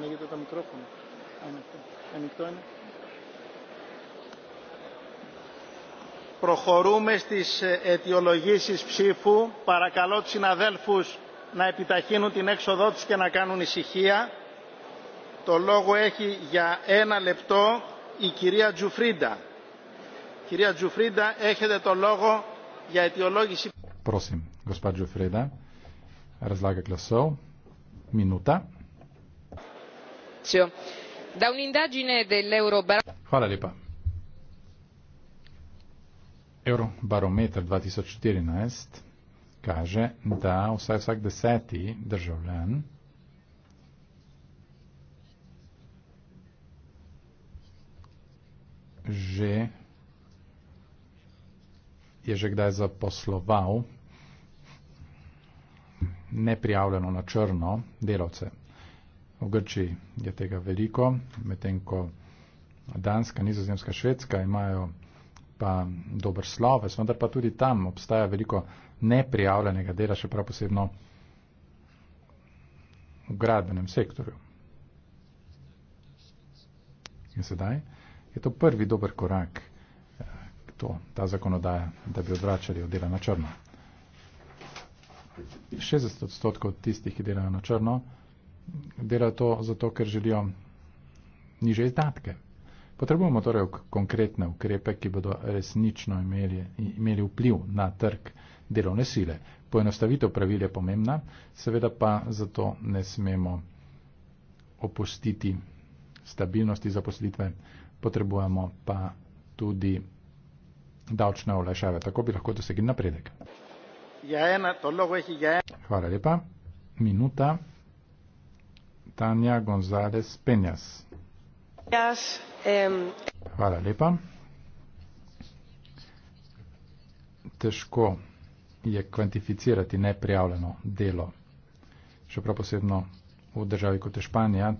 ανοίγετε τα μικρόφωνα. Ανοιχτό. Ανοιχτό είναι. Προχωρούμε στις αιτιολογήσεις ψήφου. Παρακαλώ τους συναδέλφους να επιταχύνουν την έξοδό τους και να κάνουν ησυχία. Το λόγο έχει για ένα λεπτό η κυρία Τζουφρίντα. Κυρία Τζουφρίντα, έχετε το λόγο για αιτιολόγηση. Πρόσημ, γοσπά Τζουφρίντα. Ρεσλάκα κλασσό. Μινούτα spazio. da un'indagine dell'eurobarometer 2014 kaže da vsaj vsak deseti državljan že je že kdaj zaposloval neprijavljeno na črno delavce. V Grčiji je tega veliko, medtem ko Danska, Nizozemska, Švedska imajo pa dober sloves, vendar pa tudi tam obstaja veliko neprijavljenega dela, še prav posebno v gradbenem sektorju. In sedaj je to prvi dober korak, eh, to, ta zakonodaja, da bi odvračali od dela na črno. 60 odstotkov tistih, ki delajo na črno, delajo to zato, ker želijo niže izdatke. Potrebujemo torej konkretne ukrepe, ki bodo resnično imeli, imeli vpliv na trg delovne sile. Poenostavitev pravil je pomembna, seveda pa zato ne smemo opustiti stabilnosti zaposlitve, potrebujemo pa tudi davčne olajšave. Tako bi lahko dosegli napredek. Ja, Hvala lepa. Minuta. Tanja González Peñas. Hvala lepa. Težko je kvantificirati neprijavljeno delo. Še prav posebno v državi kot je Španija,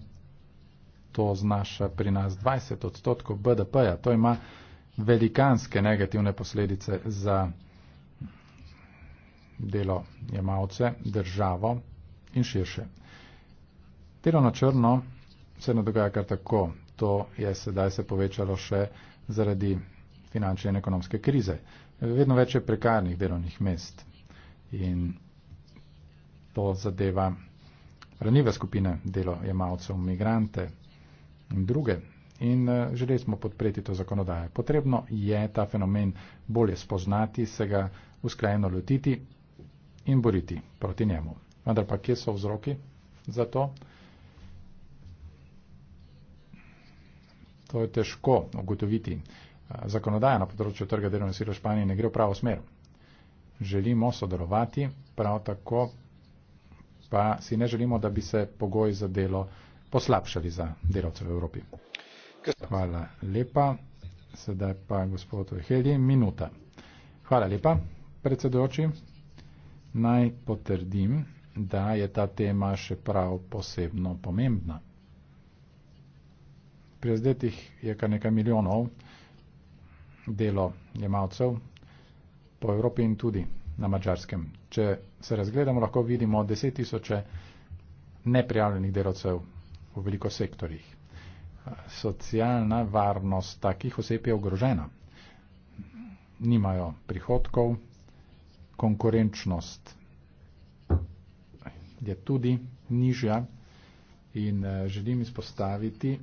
to znaša pri nas 20 odstotkov BDP-ja. To ima velikanske negativne posledice za delo jemalce, državo in širše. Delo na črno se ne dogaja kar tako. To je sedaj se povečalo še zaradi finančne in ekonomske krize. Vedno več je prekarnih delovnih mest in to zadeva ranive skupine delojemalcev, migrante in druge. In eh, želeli smo podpreti to zakonodaje. Potrebno je ta fenomen bolje spoznati, se ga usklajeno lotiti in boriti proti njemu. Vendar pa kje so vzroki za to? To je težko ugotoviti. Zakonodaja na področju trga delovne sile v Španiji ne gre v pravo smer. Želimo sodelovati, prav tako pa si ne želimo, da bi se pogoji za delo poslabšali za delavce v Evropi. Hvala lepa. Sedaj pa gospod Vehelji, minuta. Hvala lepa, predsedujoči. Naj potrdim, da je ta tema še prav posebno pomembna prizadetih je kar nekaj milijonov delo jemalcev po Evropi in tudi na Mačarskem. Če se razgledamo, lahko vidimo deset tisoče neprijavljenih delovcev v veliko sektorjih. Socialna varnost takih oseb je ogrožena. Nimajo prihodkov, konkurenčnost je tudi nižja in eh, želim izpostaviti,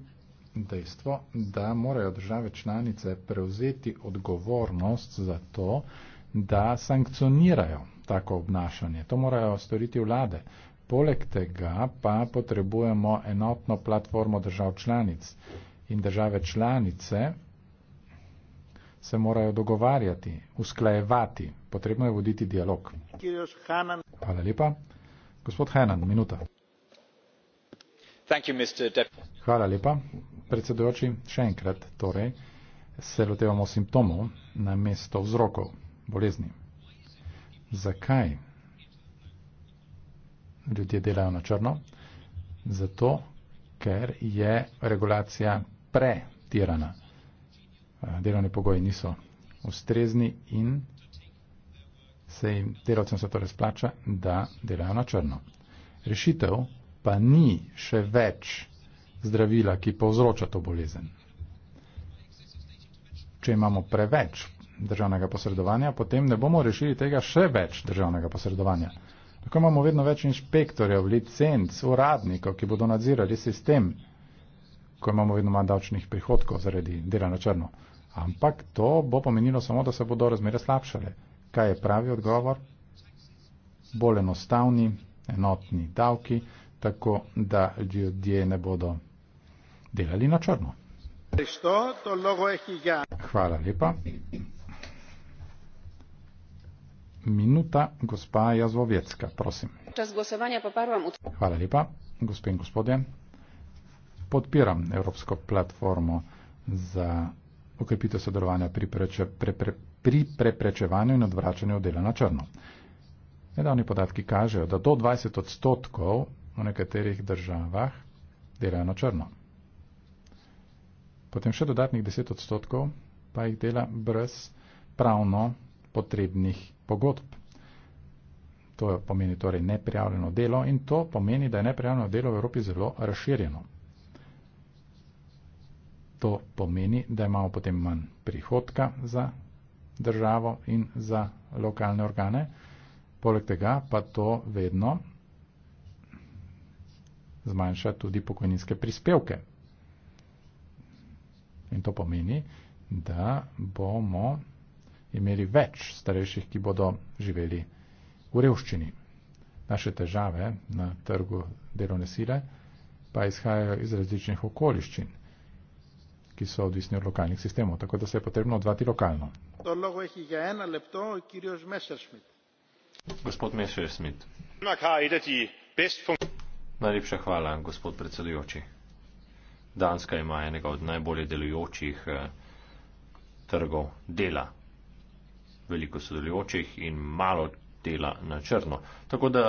dejstvo, da morajo države članice prevzeti odgovornost za to, da sankcionirajo tako obnašanje. To morajo storiti vlade. Poleg tega pa potrebujemo enotno platformo držav članic in države članice se morajo dogovarjati, usklajevati. Potrebno je voditi dialog. Hvala lepa. Gospod Hanan, minuta. Hvala lepa predsedujoči, še enkrat, torej, se lotevamo simptomov na mesto vzrokov bolezni. Zakaj ljudje delajo na črno? Zato, ker je regulacija pretirana. Eh, delovni pogoji niso ustrezni in se jim delavcem se torej splača, da delajo na črno. Rešitev pa ni še več zdravila, ki povzroča to bolezen. Če imamo preveč državnega posredovanja, potem ne bomo rešili tega še več državnega posredovanja. Tako imamo vedno več inšpektorjev, licenc, uradnikov, ki bodo nadzirali sistem, ko imamo vedno manj davčnih prihodkov zaradi dela na črno. Ampak to bo pomenilo samo, da se bodo razmere slabšale. Kaj je pravi odgovor? Bolj enostavni, enotni davki, tako da ljudje ne bodo delali na črno. Hvala lepa. Minuta, gospa Jazvovjecka, prosim. Hvala lepa, gospe in gospodje. Podpiram Evropsko platformo za ukrepitev sodelovanja pri, preče, pre, pre, pri preprečevanju in odvračanju dela na črno. Nedavni podatki kažejo, da do 20 odstotkov v nekaterih državah delajo na črno potem še dodatnih 10 odstotkov pa jih dela brez pravno potrebnih pogodb. To pomeni torej neprijavljeno delo in to pomeni, da je neprijavljeno delo v Evropi zelo razširjeno. To pomeni, da imamo potem manj prihodka za državo in za lokalne organe. Poleg tega pa to vedno zmanjša tudi pokojninske prispevke. In to pomeni, da bomo imeli več starejših, ki bodo živeli v revščini. Naše težave na trgu delovne sile pa izhajajo iz različnih okoliščin, ki so odvisni od lokalnih sistemov, tako da se je potrebno odvati lokalno. Gospod Messerschmidt. Najlepša hvala, gospod predsedujoči. Danska ima enega od najbolje delujočih eh, trgov dela. Veliko sodelujočih in malo dela na črno. Tako da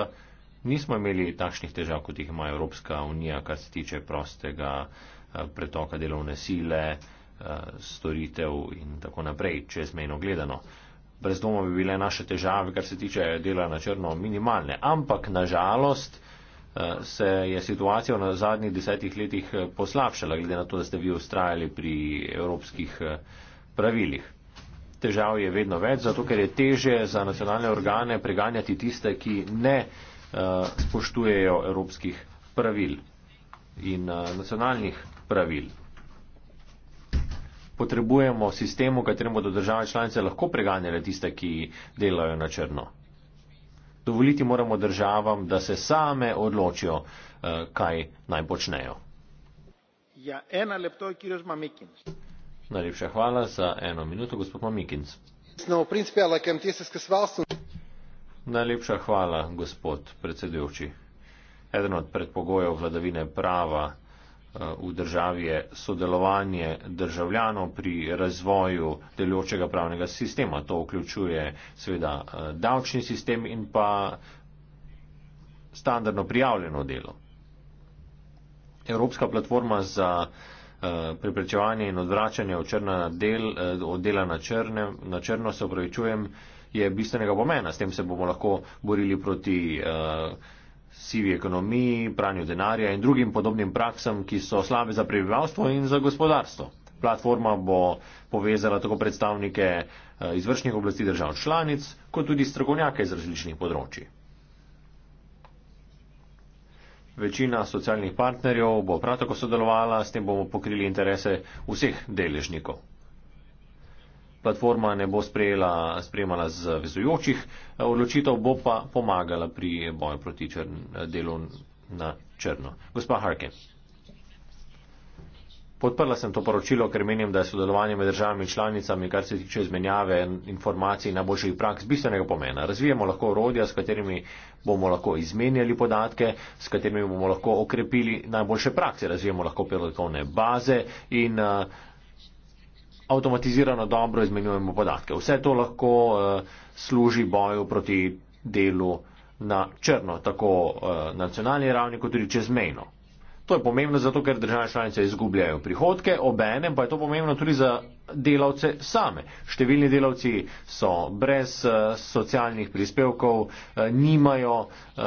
nismo imeli takšnih težav, kot jih ima Evropska unija, kar se tiče prostega eh, pretoka delovne sile, eh, storitev in tako naprej, čezmejno gledano. Brez doma bi bile naše težave, kar se tiče dela na črno, minimalne. Ampak, nažalost, Eh, se je situacija na zadnjih desetih letih eh, poslabšala, glede na to, da ste vi ustrajali pri evropskih eh, pravilih. Težav je vedno več, zato ker je teže za nacionalne organe preganjati tiste, ki ne spoštujejo evropskih pravil in nacionalnih pravil. Potrebujemo sistem, v katerem bodo države članice lahko preganjale tiste, ki delajo na črno. Dovoliti moramo državam, da se same odločijo, eh, kaj naj počnejo. Ja, ena lepto, kjeroz Mamikins. Najlepša hvala za eno minuto, gospod Mamikins. No, Najlepša hvala, gospod predsedujoči. Eden od predpogojev vladavine prava v državi je sodelovanje državljanov pri razvoju deločega pravnega sistema. To vključuje seveda eh, davčni sistem in pa standardno prijavljeno delo. Evropska platforma za eh, preprečevanje in odvračanje od črna del, eh, od dela na, črne, na črno, se upravičujem, je bistvenega pomena. S tem se bomo lahko borili proti uh, sivi ekonomiji, pranju denarja in drugim podobnim praksam, ki so slabe za prebivalstvo in za gospodarstvo. Platforma bo povezala tako predstavnike eh, izvršnih oblasti držav članic, kot tudi strokovnjake iz različnih področji. Večina socialnih partnerjev bo prav tako sodelovala, s tem bomo pokrili interese vseh deležnikov platforma ne bo sprejela, sprejemala z vezujočih eh, odločitev, bo pa pomagala pri boju proti črn, eh, delu na črno. Gospa Harke. Podprla sem to poročilo, ker menim, da je sodelovanje med državami in članicami, kar se tiče izmenjave informacij in najboljših praks, bistvenega pomena. Razvijamo lahko orodja, s katerimi bomo lahko izmenjali podatke, s katerimi bomo lahko okrepili najboljše prakse. Razvijamo lahko pelotone baze in uh, avtomatizirano dobro izmenjujemo podatke. Vse to lahko uh, služi boju proti delu na črno, tako uh, nacionalni ravni kot tudi čezmejno. To je pomembno zato, ker države članice izgubljajo prihodke, obenem pa je to pomembno tudi za delavce same. Številni delavci so brez uh, socialnih prispevkov, uh, nimajo uh,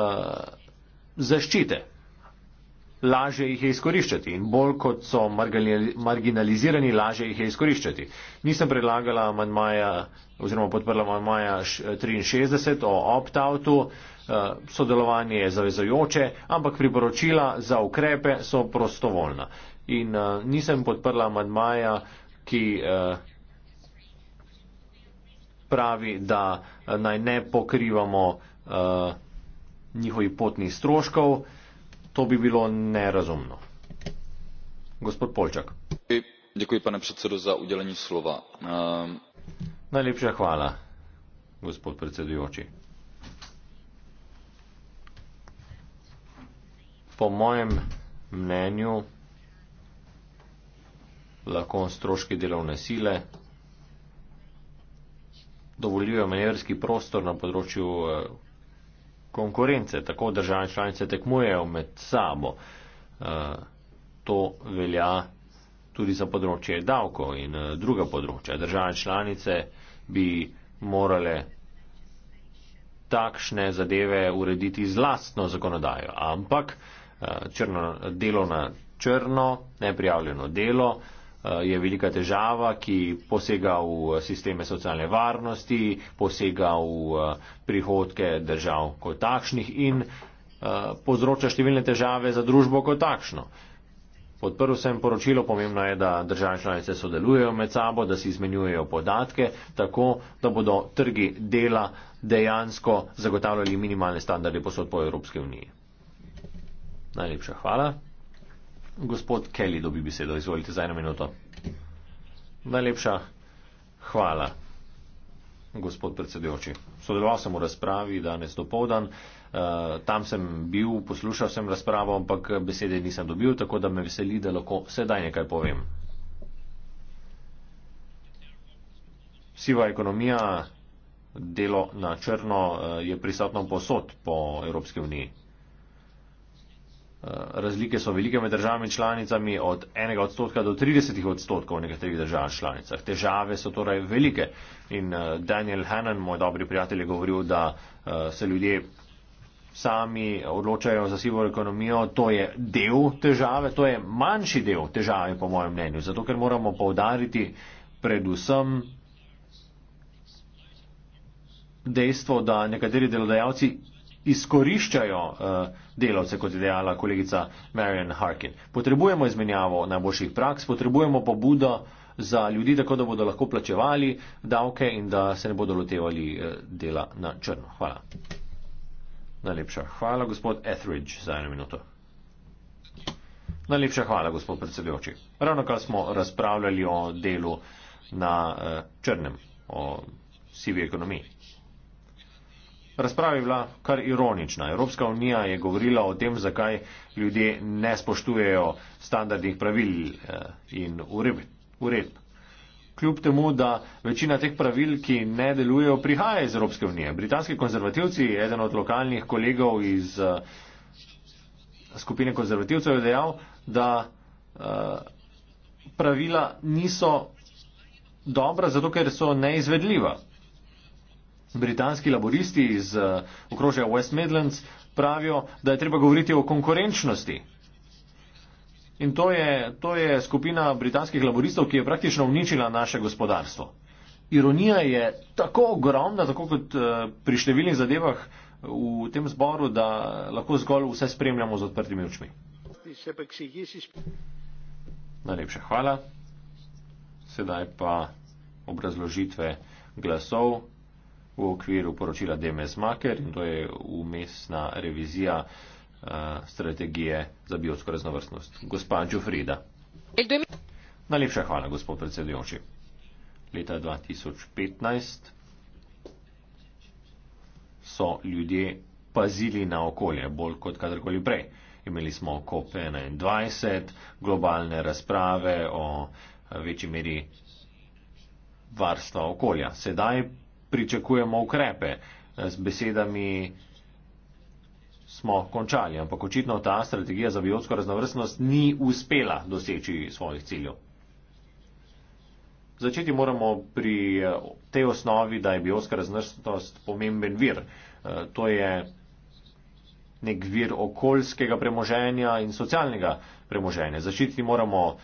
zaščite lažje jih je izkoriščati in bolj kot so marginalizirani, lažje jih je izkoriščati. Nisem predlagala manjmaja oziroma podprla manjmaja 63 o opt-outu, eh, sodelovanje je zavezojoče, ampak priporočila za ukrepe so prostovoljna. In eh, nisem podprla manjmaja, ki eh, pravi, da naj ne pokrivamo njihovih potnih stroškov. To bi bilo nerazumno. Gospod Polčak. Děkuji, pane předsedo, za udělení slova. Uh... Najlepša hvala, gospod predsedujoči. Po mojem mnenju lahko stroški delovne sile dovoljujejo manjerski prostor na področju eh, konkurence, tako države članice tekmujejo med sabo. Eh, to velja tudi za področje davkov in eh, druga področja. Države članice bi morale takšne zadeve urediti z lastno zakonodajo, ampak eh, črno, delo na črno, neprijavljeno delo, Eh, je velika težava, ki posega v sisteme socialne varnosti, posega v eh, prihodke držav kot takšnih in eh, povzroča številne težave za družbo kot takšno. Podprl sem poročilo, pomembno je, da države članice sodelujejo med sabo, da si izmenjujejo podatke, tako da bodo trgi dela dejansko zagotavljali minimalne standarde posod po Evropske unije. Najlepša hvala. Gospod Kelly dobi besedo. Izvolite za eno minuto. Najlepša hvala, gospod predsedujoči. Sodeloval sem v razpravi danes do povdan. Eh, tam sem bil, poslušal sem razpravo, ampak besede nisem dobil, tako da me veseli, da lahko sedaj nekaj povem. Siva ekonomija, delo na črno eh, je prisotno posod po Evropski uniji. Eh, razlike so velike med državami članicami od 1 odstotka do 30 odstotkov v nekaterih državah članicah. Težave so torej velike in eh, Daniel Hannan, moj dobri prijatelj, je govoril, da eh, se ljudje sami odločajo za sivo ekonomijo, to je del težave, to je manjši del težave, po mojem mnenju, zato ker moramo povdariti predvsem dejstvo, da nekateri delodajalci izkoriščajo eh, delavce, kot je dejala kolegica Marion Harkin. Potrebujemo izmenjavo najboljših praks, potrebujemo pobudo za ljudi, tako da bodo lahko plačevali davke in da se ne bodo lotevali eh, dela na črno. Hvala. Najlepša hvala, gospod Etheridge, za eno minuto. Najlepša hvala, gospod predsedujoči. Ravno kar smo razpravljali o delu na eh, črnem, o sivi ekonomiji razprava je bila kar ironična. Evropska unija je govorila o tem, zakaj ljudje ne spoštujejo standardnih pravil eh, in uredb. Kljub temu, da večina teh pravil, ki ne delujejo, prihaja iz Evropske unije. Britanski konzervativci, eden od lokalnih kolegov iz eh, skupine konzervativcev, je dejal, da eh, pravila niso dobra, zato ker so neizvedljiva. Britanski laboristi iz eh, okrožja West Midlands pravijo, da je treba govoriti o konkurenčnosti. In to je, to je skupina britanskih laboristov, ki je praktično uničila naše gospodarstvo. Ironija je tako ogromna, tako kot eh, pri številnih zadevah v tem zboru, da lahko zgolj vse spremljamo z odprtimi očmi. Najlepša hvala. Sedaj pa obrazložitve glasov v okviru poročila DMS Maker in to je umestna revizija uh, strategije za biotsko raznovrstnost. Gospod Džufrida. Najlepša hvala, gospod predsedujoči. Leta 2015 so ljudje pazili na okolje bolj kot kadarkoli prej. Imeli smo COP21, globalne razprave o eh, večji meri varstva okolja. Sedaj pričakujemo ukrepe. S eh, besedami smo končali, ampak očitno ta strategija za biotsko raznovrstnost ni uspela doseči svojih ciljev. Začeti moramo pri eh, tej osnovi, da je biotska raznovrstnost pomemben vir. Eh, to je nek vir okoljskega premoženja in socialnega premoženja. Zaščititi moramo uh,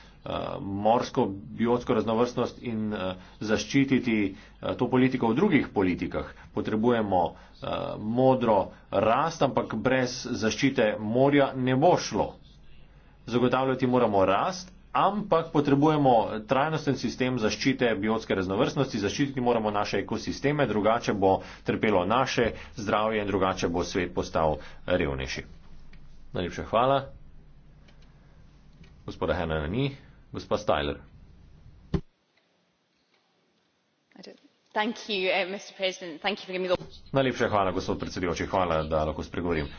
morsko biotsko raznovrstnost in uh, zaščititi uh, to politiko v drugih politikah. Potrebujemo uh, modro rast, ampak brez zaščite morja ne bo šlo. Zagotavljati moramo rast, ampak potrebujemo trajnosten sistem zaščite biotske raznovrstnosti, zaščititi moramo naše ekosisteme, drugače bo trpelo naše zdravje in drugače bo svet postal revnejši. Najlepša hvala. Gospoda Henana ni, gospa Styler. Eh, Najlepša hvala, gospod predsedujoči, hvala, da lahko spregovorim.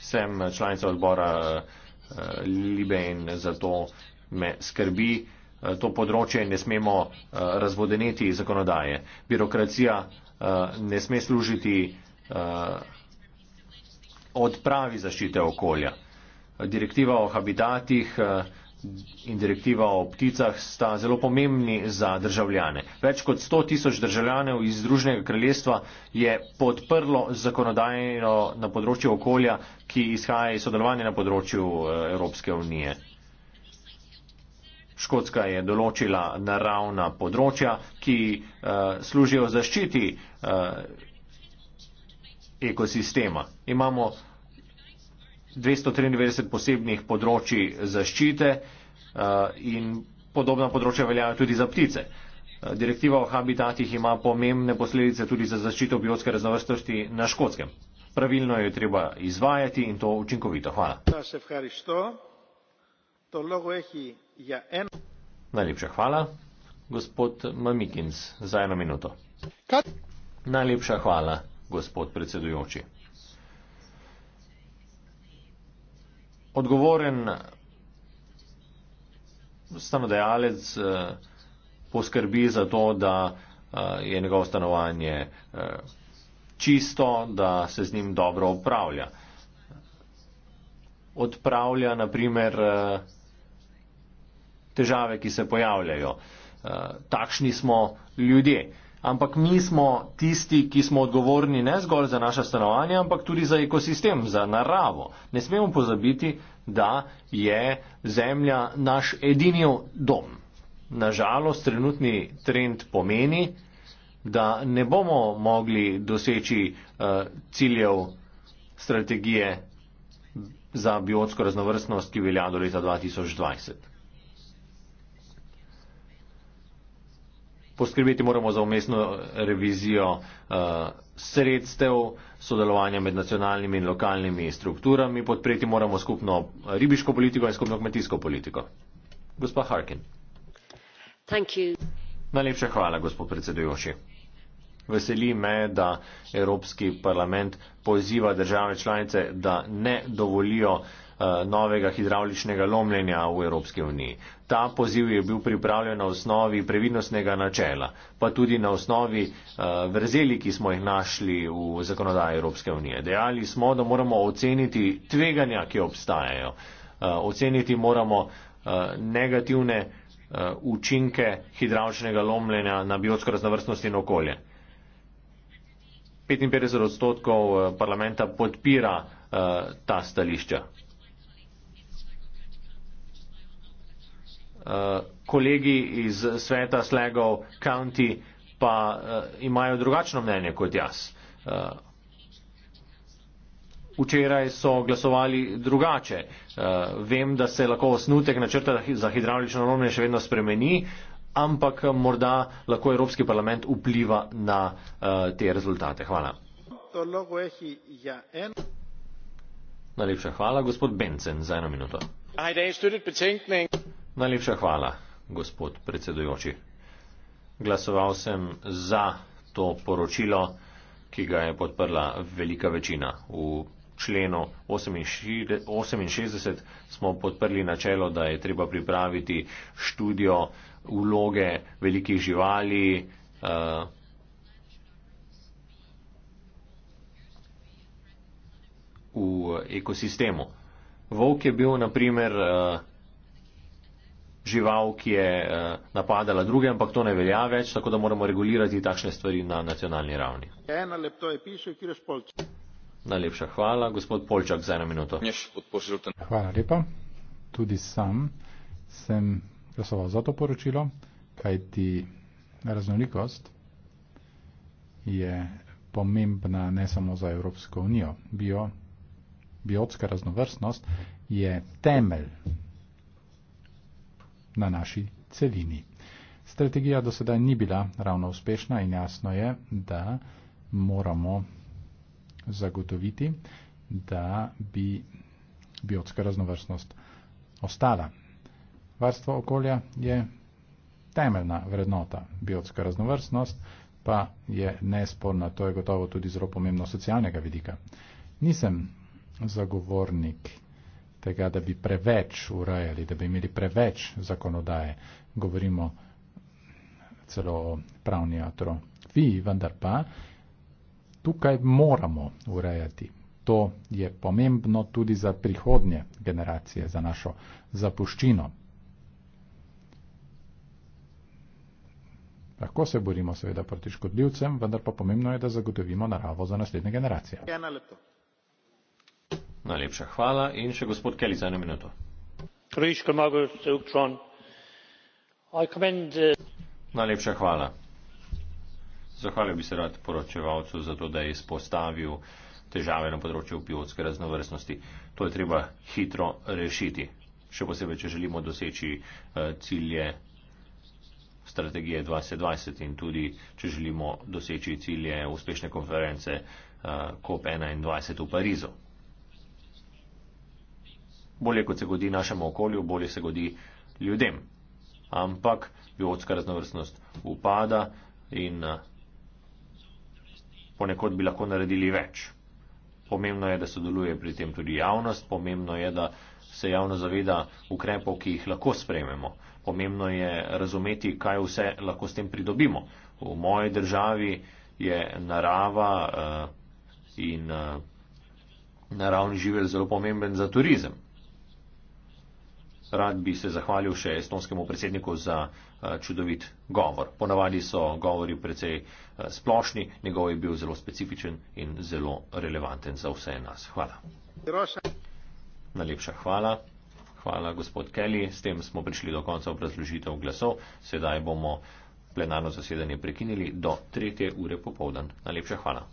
Sem članica odbora uh, Libe in zato me skrbi eh, to področje in ne smemo eh, razvodeneti zakonodaje. Birokracija eh, ne sme služiti odpravi zaščite okolja. Direktiva o habitatih in direktiva o pticah sta zelo pomembni za državljane. Več kot 100 tisoč državljanov iz Združenega kraljestva je podprlo zakonodajno na področju okolja, ki izhaja iz sodelovanja na področju Evropske unije. Škotska je določila naravna področja, ki eh, služijo zaščiti eh, ekosistema. Imamo 293 posebnih področji zaščite eh, in podobna področja veljajo tudi za ptice. Direktiva o habitatih ima pomembne posledice tudi za zaščito biotske raznovrstnosti na škotskem. Pravilno jo je treba izvajati in to učinkovito. Hvala. Najlepša hvala. Gospod Mamikins, za eno minuto. Kat? Najlepša hvala, gospod predsedujoči. Odgovoren stanodajalec eh, poskrbi za to, da eh, je njegovo stanovanje eh, čisto, da se z njim dobro upravlja. Odpravlja, naprimer, težave, ki se pojavljajo. Eh, takšni smo ljudje. Ampak mi smo tisti, ki smo odgovorni ne zgolj za naše stanovanje, ampak tudi za ekosistem, za naravo. Ne smemo pozabiti, da je zemlja naš edini dom. Nažalost, trenutni trend pomeni, da ne bomo mogli doseči uh, ciljev strategije za biotsko raznovrstnost, ki velja do leta 2020. poskrbeti moramo za umestno revizijo eh, sredstev, sodelovanja med nacionalnimi in lokalnimi strukturami, podpreti moramo skupno ribiško politiko in skupno kmetijsko politiko. Gospa Harkin. Najlepša hvala, gospod predsedujoči. Veseli me, da Evropski parlament poziva države članice, da ne dovolijo eh, novega hidravličnega lomljenja v Evropski uniji. Ta poziv je bil pripravljen na osnovi previdnostnega načela, pa tudi na osnovi eh, vrzeli, ki smo jih našli v zakonodaji Evropske unije. Dejali smo, da moramo oceniti tveganja, ki obstajajo. Eh, oceniti moramo negativne učinke hidravličnega lomljenja na biotsko raznovrstnost in okolje. 55 odstotkov eh, parlamenta podpira eh, ta stališča. Eh, kolegi iz sveta Slegov County pa imajo drugačno mnenje kot jaz. Včeraj so glasovali drugače. Vem, da se lahko osnutek načrta za hidravlično lomljenje še vedno spremeni, ampak morda lahko Evropski parlament vpliva na eh, te rezultate. Hvala. Najlepša hvala, gospod Bencen, za eno minuto. Najlepša hvala, gospod predsedujoči. Glasoval sem za to poročilo, ki ga je podprla velika večina. V členu 68 smo podprli načelo, da je treba pripraviti študijo vloge velikih živali, uh, v ekosistemu. Vovk je bil, naprimer, uh, eh, žival, ki je uh, napadala druge, ampak to ne velja več, tako da moramo regulirati takšne stvari na nacionalni ravni. Najlepša hvala, gospod Polčak, za eno minuto. Hvala lepa. Tudi sam sem glasoval za to poročilo, kajti raznolikost je pomembna ne samo za Evropsko unijo. Bio, biotska raznovrstnost je temelj na naši celini. Strategija do sedaj ni bila ravno uspešna in jasno je, da moramo zagotoviti, da bi biotska raznovrstnost ostala. Varstvo okolja je temeljna vrednota, biotska raznovrstnost pa je nesporna, to je gotovo tudi zelo pomembno socialnega vidika. Nisem zagovornik tega, da bi preveč urajali, da bi imeli preveč zakonodaje, govorimo celo o pravni atrofiji, vendar pa tukaj moramo urajati. To je pomembno tudi za prihodnje generacije, za našo zapuščino. Lahko se borimo seveda proti škodljivcem, vendar pa pomembno je, da zagotovimo naravo za naslednje generacije. Ja, Najlepša hvala in še gospod Kelly za eno minuto. Najlepša hvala. Zahvalil bi se rad poročevalcu za to, da je izpostavil težave na področju biotske raznovrstnosti. To je treba hitro rešiti. Še posebej, če želimo doseči eh, cilje strategije 2020 in tudi, če želimo doseči cilje uspešne konference eh, COP21 v Parizu. Bolje kot se godi našemu okolju, bolje se godi ljudem. Ampak biotska raznovrstnost upada in eh, ponekod bi lahko naredili več. Pomembno je, da sodeluje pri tem tudi javnost, pomembno je, da se javno zaveda ukrepov, ki jih lahko sprememo pomembno je razumeti, kaj vse lahko s tem pridobimo. V moji državi je narava uh, in uh, naravni živel zelo pomemben za turizem. Rad bi se zahvalil še estonskemu predsedniku za uh, čudovit govor. Ponavadi so govori precej uh, splošni, njegov je bil zelo specifičen in zelo relevanten za vse nas. Hvala. Najlepša hvala. Hvala, gospod Kelly. S tem smo prišli do konca obrazložitev glasov. Sedaj bomo plenarno zasedanje prekinili do 3. ure popovdan. Najlepša hvala.